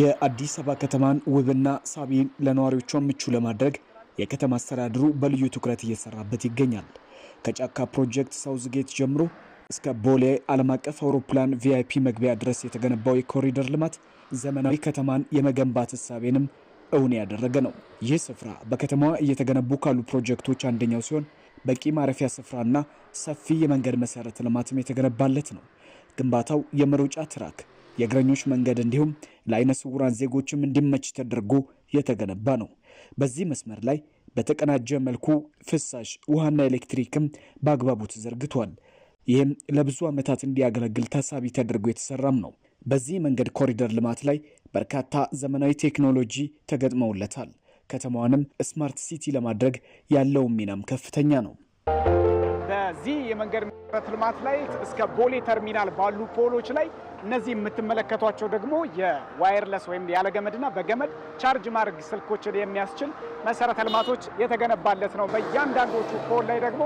የአዲስ አበባ ከተማን ውብና ሳቢን ለነዋሪዎቿ ምቹ ለማድረግ የከተማ አስተዳደሩ በልዩ ትኩረት እየሰራበት ይገኛል። ከጫካ ፕሮጀክት ሳውዝ ጌት ጀምሮ እስከ ቦሌ ዓለም አቀፍ አውሮፕላን ቪአይፒ መግቢያ ድረስ የተገነባው የኮሪደር ልማት ዘመናዊ ከተማን የመገንባት እሳቤንም እውን ያደረገ ነው። ይህ ስፍራ በከተማዋ እየተገነቡ ካሉ ፕሮጀክቶች አንደኛው ሲሆን በቂ ማረፊያ ስፍራና ሰፊ የመንገድ መሰረተ ልማትም የተገነባለት ነው። ግንባታው የመሮጫ ትራክ የእግረኞች መንገድ እንዲሁም ለአይነ ስውራን ዜጎችም እንዲመች ተደርጎ የተገነባ ነው። በዚህ መስመር ላይ በተቀናጀ መልኩ ፍሳሽ ውሃና ኤሌክትሪክም በአግባቡ ተዘርግቷል። ይህም ለብዙ ዓመታት እንዲያገለግል ታሳቢ ተደርጎ የተሰራም ነው። በዚህ መንገድ ኮሪደር ልማት ላይ በርካታ ዘመናዊ ቴክኖሎጂ ተገጥመውለታል። ከተማዋንም ስማርት ሲቲ ለማድረግ ያለውን ሚናም ከፍተኛ ነው። በዚህ የመንገድ መሰረተ ልማት ላይ እስከ ቦሌ ተርሚናል ባሉ ፖሎች ላይ እነዚህ የምትመለከቷቸው ደግሞ የዋየርለስ ወይም ያለ በገመድ ቻርጅ ማድረግ ስልኮችን የሚያስችል መሰረተ ልማቶች የተገነባለት ነው። በእያንዳንዶቹ ፖል ላይ ደግሞ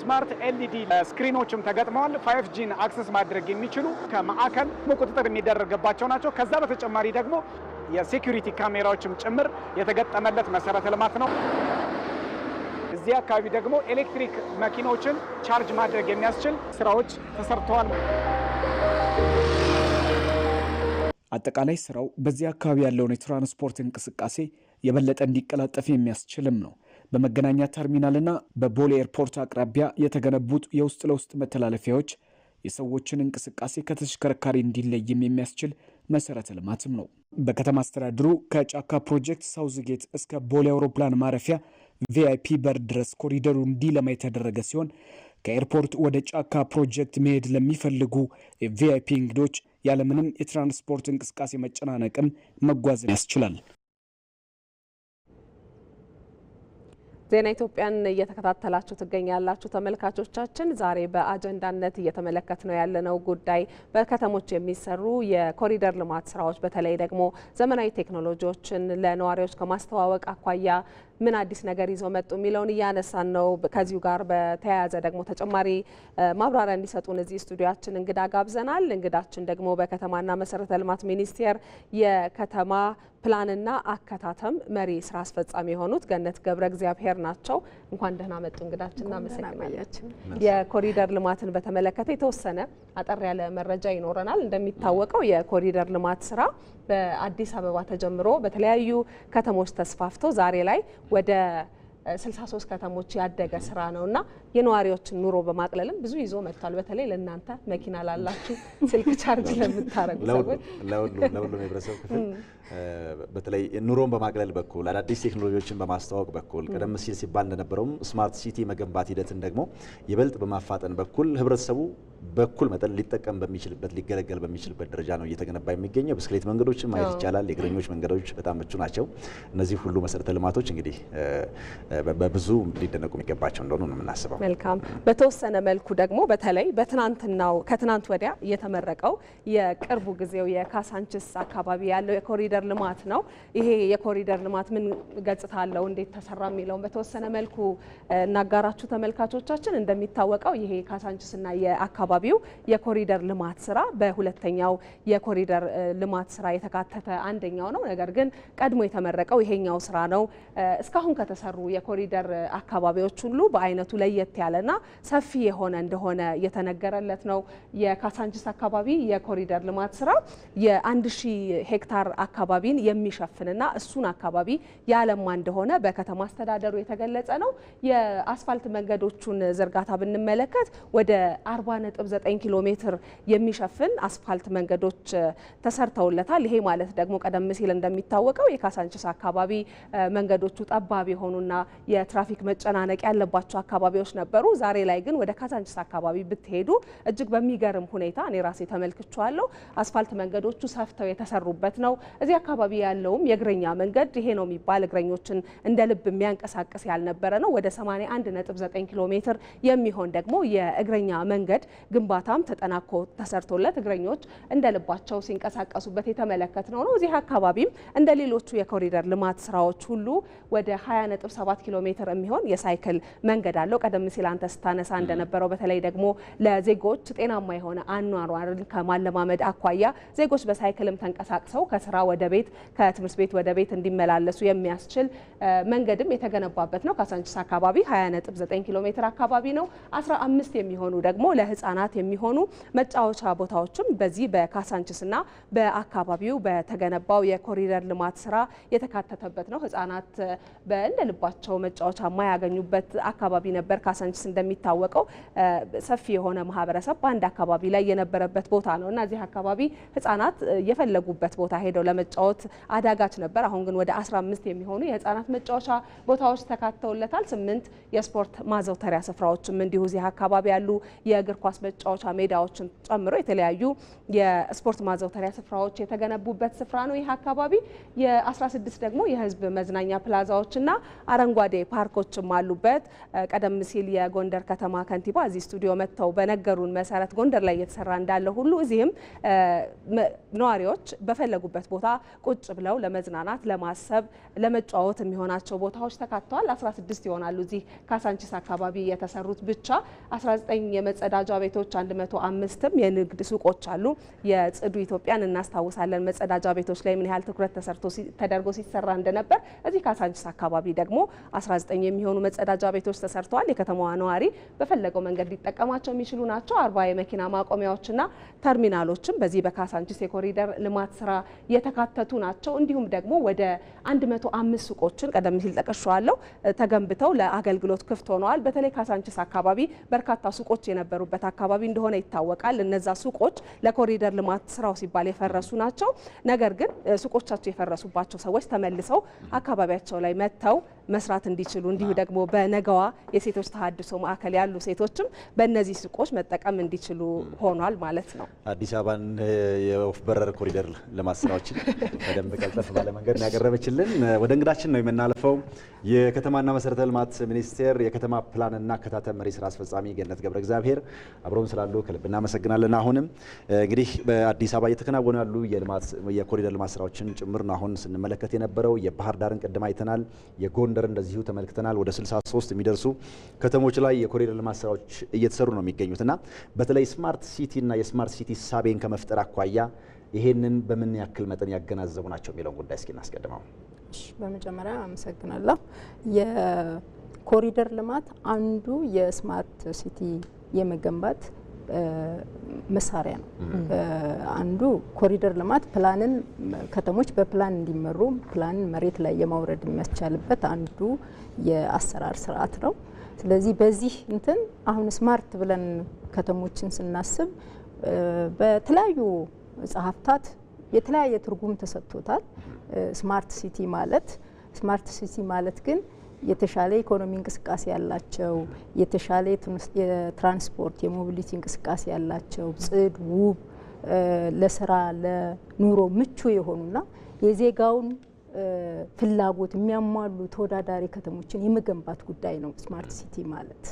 ስማርት ኤልኢዲ ስክሪኖችም ተገጥመዋል። ፋይቭ ጂን አክሰስ ማድረግ የሚችሉ ከማዕከል ቁጥጥር የሚደረግባቸው ናቸው። ከዛ በተጨማሪ ደግሞ የሴኩሪቲ ካሜራዎችም ጭምር የተገጠመለት መሰረተ ልማት ነው። እዚህ አካባቢ ደግሞ ኤሌክትሪክ መኪኖችን ቻርጅ ማድረግ የሚያስችል ስራዎች ተሰርተዋል። አጠቃላይ ስራው በዚህ አካባቢ ያለውን የትራንስፖርት እንቅስቃሴ የበለጠ እንዲቀላጠፍ የሚያስችልም ነው። በመገናኛ ተርሚናልና በቦሌ ኤርፖርት አቅራቢያ የተገነቡት የውስጥ ለውስጥ መተላለፊያዎች የሰዎችን እንቅስቃሴ ከተሽከርካሪ እንዲለይም የሚያስችል መሰረተ ልማትም ነው። በከተማ አስተዳደሩ ከጫካ ፕሮጀክት ሳውዝ ጌት እስከ ቦሌ አውሮፕላን ማረፊያ ቪአይፒ በር ድረስ ኮሪደሩ እንዲለማ የተደረገ ሲሆን ከኤርፖርት ወደ ጫካ ፕሮጀክት መሄድ ለሚፈልጉ ቪአይፒ እንግዶች ያለምንም የትራንስፖርት እንቅስቃሴ መጨናነቅም መጓዝን ያስችላል። ዜና ኢትዮጵያን እየተከታተላችሁ ትገኛላችሁ ተመልካቾቻችን። ዛሬ በአጀንዳነት እየተመለከት ነው ያለነው ጉዳይ በከተሞች የሚሰሩ የኮሪደር ልማት ስራዎች በተለይ ደግሞ ዘመናዊ ቴክኖሎጂዎችን ለነዋሪዎች ከማስተዋወቅ አኳያ ምን አዲስ ነገር ይዘው መጡ የሚለውን እያነሳን ነው። ከዚሁ ጋር በተያያዘ ደግሞ ተጨማሪ ማብራሪያ እንዲሰጡን እዚህ ስቱዲያችን እንግዳ ጋብዘናል። እንግዳችን ደግሞ በከተማና መሰረተ ልማት ሚኒስቴር የከተማ ፕላንና አከታተም መሪ ስራ አስፈጻሚ የሆኑት ገነት ገብረ እግዚአብሔር ናቸው። እንኳን ደህና መጡ እንግዳችን፣ እናመሰግናለን። የኮሪደር ልማትን በተመለከተ የተወሰነ አጠር ያለ መረጃ ይኖረናል። እንደሚታወቀው የኮሪደር ልማት ስራ በአዲስ አበባ ተጀምሮ በተለያዩ ከተሞች ተስፋፍቶ ዛሬ ላይ ወደ 63 ከተሞች ያደገ ስራ ነው እና የነዋሪዎችን ኑሮ በማቅለልም ብዙ ይዞ መጥቷል። በተለይ ለእናንተ መኪና ላላችሁ፣ ስልክ ቻርጅ ለምታረጉ ለሁሉም የህብረተሰብ ክፍል በተለይ ኑሮን በማቅለል በኩል አዳዲስ ቴክኖሎጂዎችን በማስተዋወቅ በኩል ቀደም ሲል ሲባል እንደነበረውም ስማርት ሲቲ መገንባት ሂደትን ደግሞ ይበልጥ በማፋጠን በኩል ህብረተሰቡ በኩል መጠን ሊጠቀም በሚችልበት ሊገለገል በሚችልበት ደረጃ ነው እየተገነባ የሚገኘው። ብስክሌት መንገዶችን ማየት ይቻላል። የእግረኞች መንገዶች በጣም ምቹ ናቸው። እነዚህ ሁሉ መሰረተ ልማቶች እንግዲህ በብዙ ሊደነቁ የሚገባቸው እንደሆኑ ነው የምናስበው። መልካም። በተወሰነ መልኩ ደግሞ በተለይ በትናንትናው ከትናንት ወዲያ የተመረቀው የቅርቡ ጊዜው የካሳንችስ አካባቢ ያለው የኮሪደር ልማት ነው። ይሄ የኮሪደር ልማት ምን ገጽታ አለው፣ እንዴት ተሰራ የሚለውን በተወሰነ መልኩ እናጋራችሁ ተመልካቾቻችን። እንደሚታወቀው ይሄ ካሳንችስና የአካባቢ አካባቢው የኮሪደር ልማት ስራ በሁለተኛው የኮሪደር ልማት ስራ የተካተተ አንደኛው ነው። ነገር ግን ቀድሞ የተመረቀው ይሄኛው ስራ ነው። እስካሁን ከተሰሩ የኮሪደር አካባቢዎች ሁሉ በአይነቱ ለየት ያለና ሰፊ የሆነ እንደሆነ የተነገረለት ነው። የካሳንቺስ አካባቢ የኮሪደር ልማት ስራ የአንድ ሺህ ሄክታር አካባቢን የሚሸፍንና እሱን አካባቢ ያለማ እንደሆነ በከተማ አስተዳደሩ የተገለጸ ነው። የአስፋልት መንገዶቹን ዝርጋታ ብንመለከት ወደ አርባ ነጥብ 9 ኪሎ ሜትር የሚሸፍን አስፋልት መንገዶች ተሰርተውለታል። ይሄ ማለት ደግሞ ቀደም ሲል እንደሚታወቀው የካሳንችስ አካባቢ መንገዶቹ ጠባብ የሆኑና የትራፊክ መጨናነቅ ያለባቸው አካባቢዎች ነበሩ። ዛሬ ላይ ግን ወደ ካሳንችስ አካባቢ ብትሄዱ እጅግ በሚገርም ሁኔታ እኔ ራሴ ተመልክቼዋለሁ። አስፋልት መንገዶቹ ሰፍተው የተሰሩበት ነው። እዚህ አካባቢ ያለውም የእግረኛ መንገድ ይሄ ነው የሚባል እግረኞችን እንደ ልብ የሚያንቀሳቅስ ያልነበረ ነው። ወደ 81.9 ኪሎ ሜትር የሚሆን ደግሞ የእግረኛ መንገድ ግንባታም ተጠናኮ ተሰርቶለት እግረኞች እንደ ልባቸው ሲንቀሳቀሱበት የተመለከት ነው። እዚህ አካባቢም እንደ ሌሎቹ የኮሪደር ልማት ስራዎች ሁሉ ወደ 20.7 ኪሎ ሜትር የሚሆን የሳይክል መንገድ አለው። ቀደም ሲል አንተ ስታነሳ እንደነበረው በተለይ ደግሞ ለዜጎች ጤናማ የሆነ አኗኗርን ከማለማመድ አኳያ ዜጎች በሳይክልም ተንቀሳቅሰው ከስራ ወደ ቤት፣ ከትምህርት ቤት ወደ ቤት እንዲመላለሱ የሚያስችል መንገድም የተገነባበት ነው። ካሳንቺስ አካባቢ 29 ኪሎ ሜትር አካባቢ ነው። 15 የሚሆኑ ደግሞ ለህፃ ለህፃናት የሚሆኑ መጫወቻ ቦታዎችም በዚህ በካሳንችስና በአካባቢው በተገነባው የኮሪደር ልማት ስራ የተካተተበት ነው። ህጻናት እንደ ልባቸው መጫወቻ የማያገኙበት አካባቢ ነበር። ካሳንችስ እንደሚታወቀው ሰፊ የሆነ ማህበረሰብ በአንድ አካባቢ ላይ የነበረበት ቦታ ነው እና እዚህ አካባቢ ህጻናት የፈለጉበት ቦታ ሄደው ለመጫወት አዳጋች ነበር። አሁን ግን ወደ 15 የሚሆኑ የህጻናት መጫወቻ ቦታዎች ተካተውለታል። ስምንት የስፖርት ማዘውተሪያ ስፍራዎችም እንዲሁ እዚህ አካባቢ ያሉ የእግር ኳስ መጫወቻ ሜዳዎችን ጨምሮ የተለያዩ የስፖርት ማዘውተሪያ ስፍራዎች የተገነቡበት ስፍራ ነው። ይህ አካባቢ የ16 ደግሞ የህዝብ መዝናኛ ፕላዛዎችና አረንጓዴ ፓርኮችም አሉበት። ቀደም ሲል የጎንደር ከተማ ከንቲባ እዚህ ስቱዲዮ መጥተው በነገሩን መሰረት ጎንደር ላይ እየተሰራ እንዳለ ሁሉ እዚህም ነዋሪዎች በፈለጉበት ቦታ ቁጭ ብለው ለመዝናናት፣ ለማሰብ፣ ለመጫወት የሚሆናቸው ቦታዎች ተካተዋል። 16 ይሆናሉ። እዚህ ካሳንቺስ አካባቢ የተሰሩት ብቻ 19 የመጸዳጃ ቤት ቤቶች 105ም የንግድ ሱቆች አሉ። የጽዱ ኢትዮጵያን እናስታውሳለን። መጸዳጃ ቤቶች ላይ ምን ያህል ትኩረት ተሰርቶ ተደርጎ ሲሰራ እንደነበር እዚህ ካሳንችስ አካባቢ ደግሞ 19 የሚሆኑ መጸዳጃ ቤቶች ተሰርተዋል። የከተማዋ ነዋሪ በፈለገው መንገድ ሊጠቀማቸው የሚችሉ ናቸው። አርባ የመኪና ማቆሚያዎችና ተርሚናሎችም በዚህ በካሳንችስ የኮሪደር ልማት ስራ የተካተቱ ናቸው። እንዲሁም ደግሞ ወደ 105 ሱቆችን ቀደም ሲል ጠቅሻለሁ ተገንብተው ለአገልግሎት ክፍት ሆነዋል። በተለይ ካሳንችስ አካባቢ በርካታ ሱቆች የነበሩበት አካባቢ አካባቢ እንደሆነ ይታወቃል። እነዛ ሱቆች ለኮሪደር ልማት ስራው ሲባል የፈረሱ ናቸው። ነገር ግን ሱቆቻቸው የፈረሱባቸው ሰዎች ተመልሰው አካባቢያቸው ላይ መጥተው መስራት እንዲችሉ እንዲሁ ደግሞ በነገዋ የሴቶች ተሀድሶ ማዕከል ያሉ ሴቶችም በእነዚህ ሱቆች መጠቀም እንዲችሉ ሆኗል ማለት ነው። አዲስ አበባን የወፍ በረር ኮሪደር ልማት ስራዎችን በደንብ ቀልጠፍ ባለመንገድ ያቀረበችልን ወደ እንግዳችን ነው የምናልፈው። የከተማና መሰረተ ልማት ሚኒስቴር የከተማ ፕላንና ከታተ መሪ ስራ አስፈጻሚ ገነት ገብረ እግዚአብሔር አብረውን ስላሉ ከልብ እናመሰግናለን። አሁንም እንግዲህ በአዲስ አበባ እየተከናወኑ ያሉ የኮሪደር ልማት ስራዎችን ጭምር ነው አሁን ስንመለከት የነበረው። የባህር ዳርን ቅድም አይተናል። የጎን ጎንደር እንደዚሁ ተመልክተናል። ወደ 63 የሚደርሱ ከተሞች ላይ የኮሪደር ልማት ስራዎች እየተሰሩ ነው የሚገኙት እና በተለይ ስማርት ሲቲ እና የስማርት ሲቲ ሳቤን ከመፍጠር አኳያ ይሄንን በምን ያክል መጠን ያገናዘቡ ናቸው የሚለውን ጉዳይ እስኪ እናስቀድመው። በመጀመሪያ አመሰግናለሁ። የኮሪደር ልማት አንዱ የስማርት ሲቲ የመገንባት መሳሪያ ነው። አንዱ ኮሪደር ልማት ፕላንን ከተሞች በፕላን እንዲመሩ ፕላንን መሬት ላይ የማውረድ የሚያስቻልበት አንዱ የአሰራር ስርዓት ነው። ስለዚህ በዚህ እንትን አሁን ስማርት ብለን ከተሞችን ስናስብ በተለያዩ ጸሐፍታት የተለያየ ትርጉም ተሰጥቶታል። ስማርት ሲቲ ማለት ስማርት ሲቲ ማለት ግን የተሻለ ኢኮኖሚ እንቅስቃሴ ያላቸው የተሻለ የትራንስፖርት የሞቢሊቲ እንቅስቃሴ ያላቸው ጽድ፣ ውብ፣ ለስራ ለኑሮ ምቹ የሆኑና የዜጋውን ፍላጎት የሚያሟሉ ተወዳዳሪ ከተሞችን የመገንባት ጉዳይ ነው ስማርት ሲቲ ማለት።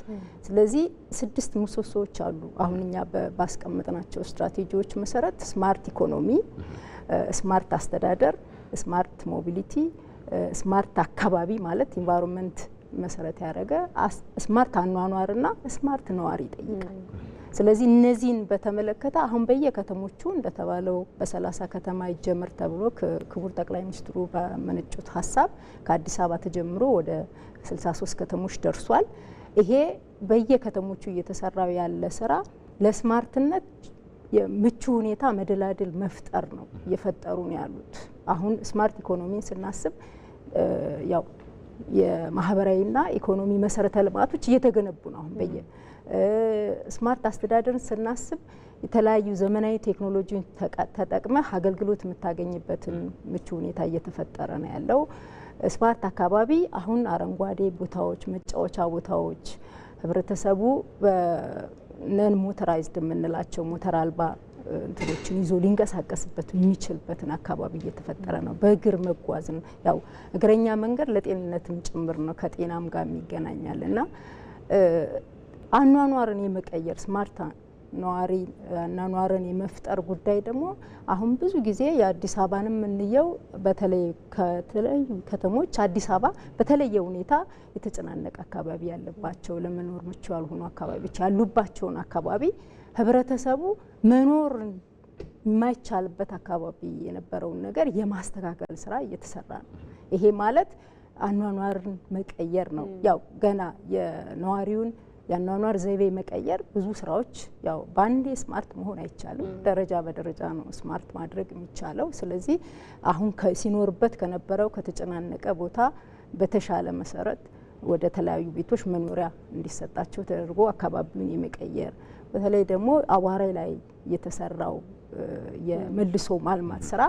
ስለዚህ ስድስት ምሰሶዎች አሉ። አሁን እኛ ባስቀመጥናቸው ስትራቴጂዎች መሰረት ስማርት ኢኮኖሚ፣ ስማርት አስተዳደር፣ ስማርት ሞቢሊቲ ስማርት አካባቢ ማለት ኢንቫይሮንመንት መሰረት ያደረገ ስማርት አኗኗርና ስማርት ነዋሪ ይጠይቃል። ስለዚህ እነዚህን በተመለከተ አሁን በየከተሞቹ እንደተባለው በሰላሳ ከተማ ይጀምር ተብሎ ክቡር ጠቅላይ ሚኒስትሩ በመነጩት ሀሳብ ከአዲስ አበባ ተጀምሮ ወደ 63 ከተሞች ደርሷል። ይሄ በየከተሞቹ እየተሰራው ያለ ስራ ለስማርትነት ምቹ ሁኔታ መደላድል መፍጠር ነው፣ እየፈጠሩ ነው ያሉት። አሁን ስማርት ኢኮኖሚን ስናስብ ያው የማህበራዊና ኢኮኖሚ መሰረተ ልማቶች እየተገነቡ ነው። አሁን በየ ስማርት አስተዳደርን ስናስብ የተለያዩ ዘመናዊ ቴክኖሎጂን ተጠቅመህ አገልግሎት የምታገኝበትን ምቹ ሁኔታ እየተፈጠረ ነው ያለው። ስማርት አካባቢ አሁን አረንጓዴ ቦታዎች፣ መጫወቻ ቦታዎች ህብረተሰቡ ነን ሞተራይዝድ የምንላቸው ሞተር አልባ እንትኖችን ይዞ ሊንቀሳቀስበት የሚችልበትን አካባቢ እየተፈጠረ ነው። በእግር መጓዝን ያው እግረኛ መንገድ ለጤንነትም ጭምር ነው ከጤናም ጋር የሚገናኛል እና አኗኗርን የመቀየር ስማርት ነዋሪ አኗኗርን የመፍጠር ጉዳይ ደግሞ አሁን ብዙ ጊዜ የአዲስ አበባን የምንየው በተለይ ከተለያዩ ከተሞች አዲስ አበባ በተለየ ሁኔታ የተጨናነቀ አካባቢ ያለባቸው ለመኖር ምቹ ያልሆኑ አካባቢዎች ያሉባቸውን አካባቢ ህብረተሰቡ መኖር የማይቻልበት አካባቢ የነበረውን ነገር የማስተካከል ስራ እየተሰራ ነው። ይሄ ማለት አኗኗርን መቀየር ነው። ያው ገና የነዋሪውን የአኗኗር ዘይቤ መቀየር ብዙ ስራዎች ያው በአንዴ ስማርት መሆን አይቻልም። ደረጃ በደረጃ ነው ስማርት ማድረግ የሚቻለው። ስለዚህ አሁን ሲኖርበት ከነበረው ከተጨናነቀ ቦታ በተሻለ መሰረት ወደ ተለያዩ ቤቶች መኖሪያ እንዲሰጣቸው ተደርጎ አካባቢውን የመቀየር በተለይ ደግሞ አዋሬ ላይ የተሰራው የመልሶ ማልማት ስራ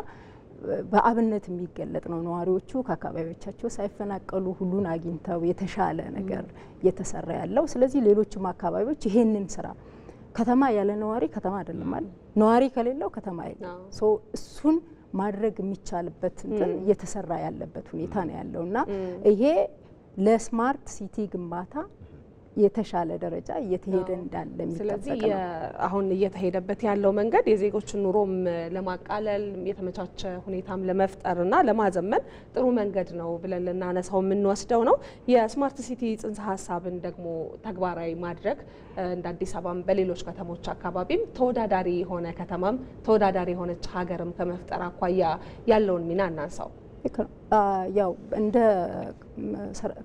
በአብነት የሚገለጥ ነው። ነዋሪዎቹ ከአካባቢዎቻቸው ሳይፈናቀሉ ሁሉን አግኝተው የተሻለ ነገር እየተሰራ ያለው። ስለዚህ ሌሎችም አካባቢዎች ይሄንን ስራ ከተማ ያለ ነዋሪ ከተማ አይደለም ነዋሪ ከሌለው ከተማ የለም። እሱን ማድረግ የሚቻልበት እንትን እየተሰራ ያለበት ሁኔታ ነው ያለው እና ይሄ ለስማርት ሲቲ ግንባታ የተሻለ ደረጃ እየተሄደ እንዳለ ስለዚህ አሁን እየተሄደበት ያለው መንገድ የዜጎችን ኑሮም ለማቃለል የተመቻቸ ሁኔታም ለመፍጠርና ለማዘመን ጥሩ መንገድ ነው ብለን ልናነሳው የምንወስደው ነው። የስማርት ሲቲ ጽንሰ ሀሳብን ደግሞ ተግባራዊ ማድረግ እንደ አዲስ አበባም በሌሎች ከተሞች አካባቢም ተወዳዳሪ የሆነ ከተማም ተወዳዳሪ የሆነች ሀገርም ከመፍጠር አኳያ ያለውን ሚና እናንሳው። ያው እንደ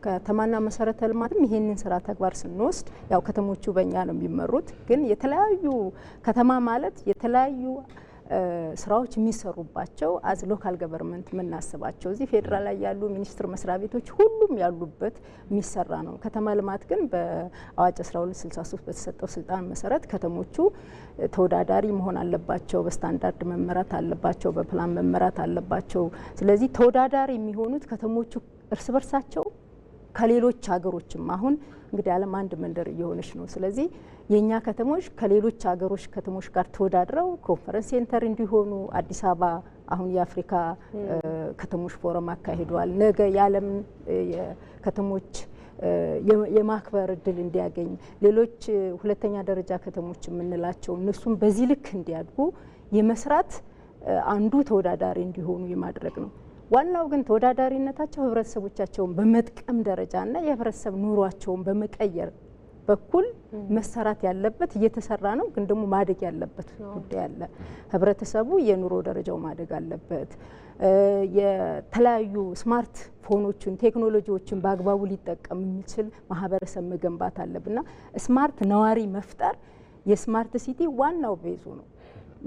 ከተማና መሰረተ ልማትም ይሄንን ስራ ተግባር ስንወስድ ያው ከተሞቹ በእኛ ነው የሚመሩት። ግን የተለያዩ ከተማ ማለት የተለያዩ ስራዎች የሚሰሩባቸው አዝ ሎካል ገቨርንመንት የምናስባቸው እዚህ ፌዴራል ላይ ያሉ ሚኒስቴር መስሪያ ቤቶች ሁሉም ያሉበት የሚሰራ ነው። ከተማ ልማት ግን በአዋጅ 1263 በተሰጠው ስልጣን መሰረት ከተሞቹ ተወዳዳሪ መሆን አለባቸው፣ በስታንዳርድ መመራት አለባቸው፣ በፕላን መመራት አለባቸው። ስለዚህ ተወዳዳሪ የሚሆኑት ከተሞቹ እርስ በርሳቸው ከሌሎች ሀገሮችም አሁን እንግዲህ ዓለም አንድ መንደር እየሆነች ነው። ስለዚህ የእኛ ከተሞች ከሌሎች ሀገሮች ከተሞች ጋር ተወዳድረው ኮንፈረንስ ሴንተር እንዲሆኑ አዲስ አበባ አሁን የአፍሪካ ከተሞች ፎረም አካሂደዋል። ነገ የአለም ከተሞች የማክበር እድል እንዲያገኝ ሌሎች ሁለተኛ ደረጃ ከተሞች የምንላቸው እነሱም በዚህ ልክ እንዲያድጉ የመስራት አንዱ ተወዳዳሪ እንዲሆኑ የማድረግ ነው። ዋናው ግን ተወዳዳሪነታቸው ህብረተሰቦቻቸውን በመጥቀም ደረጃና የህብረተሰብ ኑሯቸውን በመቀየር በኩል መሰራት ያለበት እየተሰራ ነው። ግን ደግሞ ማደግ ያለበት ጉዳይ አለ። ህብረተሰቡ የኑሮ ደረጃው ማደግ አለበት። የተለያዩ ስማርት ፎኖችን፣ ቴክኖሎጂዎችን በአግባቡ ሊጠቀም የሚችል ማህበረሰብ መገንባት አለብና ስማርት ነዋሪ መፍጠር የስማርት ሲቲ ዋናው ቤዙ ነው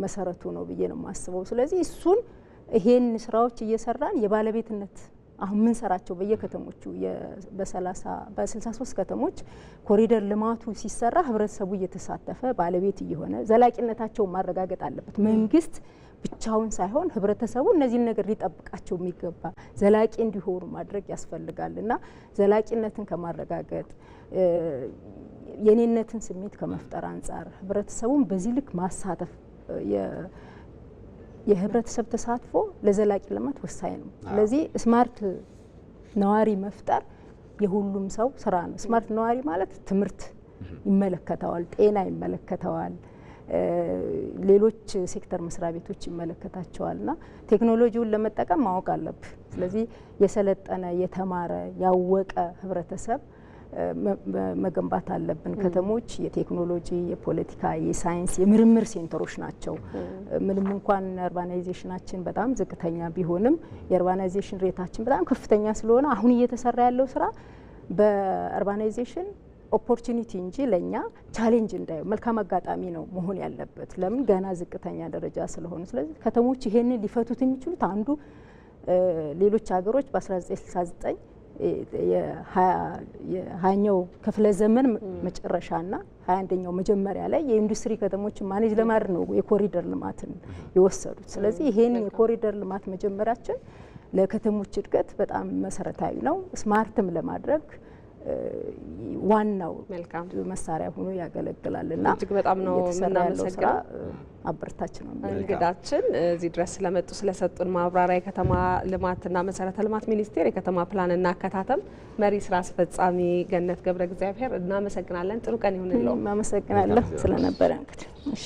መሰረቱ ነው ብዬ ነው የማስበው። ስለዚህ እሱን ይሄን ስራዎች እየሰራን የባለቤትነት አሁን የምንሰራቸው በየከተሞቹ በ63 ከተሞች ኮሪደር ልማቱ ሲሰራ ህብረተሰቡ እየተሳተፈ ባለቤት እየሆነ ዘላቂነታቸውን ማረጋገጥ አለበት። መንግስት ብቻውን ሳይሆን ህብረተሰቡ እነዚህን ነገር ሊጠብቃቸው የሚገባ ዘላቂ እንዲሆኑ ማድረግ ያስፈልጋል እና ዘላቂነትን ከማረጋገጥ የኔነትን ስሜት ከመፍጠር አንጻር ህብረተሰቡን በዚህ ልክ ማሳተፍ የህብረተሰብ ተሳትፎ ለዘላቂ ልማት ወሳኝ ነው። ስለዚህ ስማርት ነዋሪ መፍጠር የሁሉም ሰው ስራ ነው። ስማርት ነዋሪ ማለት ትምህርት ይመለከተዋል፣ ጤና ይመለከተዋል፣ ሌሎች ሴክተር መስሪያ ቤቶች ይመለከታቸዋል። እና ቴክኖሎጂውን ለመጠቀም ማወቅ አለብህ። ስለዚህ የሰለጠነ የተማረ ያወቀ ህብረተሰብ መገንባት አለብን። ከተሞች የቴክኖሎጂ፣ የፖለቲካ፣ የሳይንስ፣ የምርምር ሴንተሮች ናቸው። ምንም እንኳን አርባናይዜሽናችን በጣም ዝቅተኛ ቢሆንም የአርባናይዜሽን ሬታችን በጣም ከፍተኛ ስለሆነ አሁን እየተሰራ ያለው ስራ በአርባናይዜሽን ኦፖርቹኒቲ እንጂ ለእኛ ቻሌንጅ እንዳየው መልካም አጋጣሚ ነው መሆን ያለበት። ለምን ገና ዝቅተኛ ደረጃ ስለሆኑ። ስለዚህ ከተሞች ይሄንን ሊፈቱት የሚችሉት አንዱ ሌሎች ሀገሮች በ1969 የሀያኛው ክፍለ ዘመን መጨረሻና ሀያ አንደኛው መጀመሪያ ላይ የኢንዱስትሪ ከተሞችን ማኔጅ ለማድረግ ነው የኮሪደር ልማትን የወሰዱት። ስለዚህ ይሄን የኮሪደር ልማት መጀመሪያችን ለከተሞች እድገት በጣም መሰረታዊ ነው። ስማርትም ለማድረግ ዋናው መሳሪያ ሆኖ ያገለግላል እና እጅግ በጣም ነው የምናመሰግነው። ስራ አበርታች ነው። እንግዳችን እዚህ ድረስ ስለመጡ ስለሰጡን ማብራሪያ የከተማ ልማትና መሰረተ ልማት ሚኒስቴር የከተማ ፕላንና አከታተም መሪ ስራ አስፈጻሚ ገነት ገብረ እግዚአብሔር እናመሰግናለን። ጥሩ ቀን ይሁንልዎ። እናመሰግናለን ስለነበረ እንግዲህ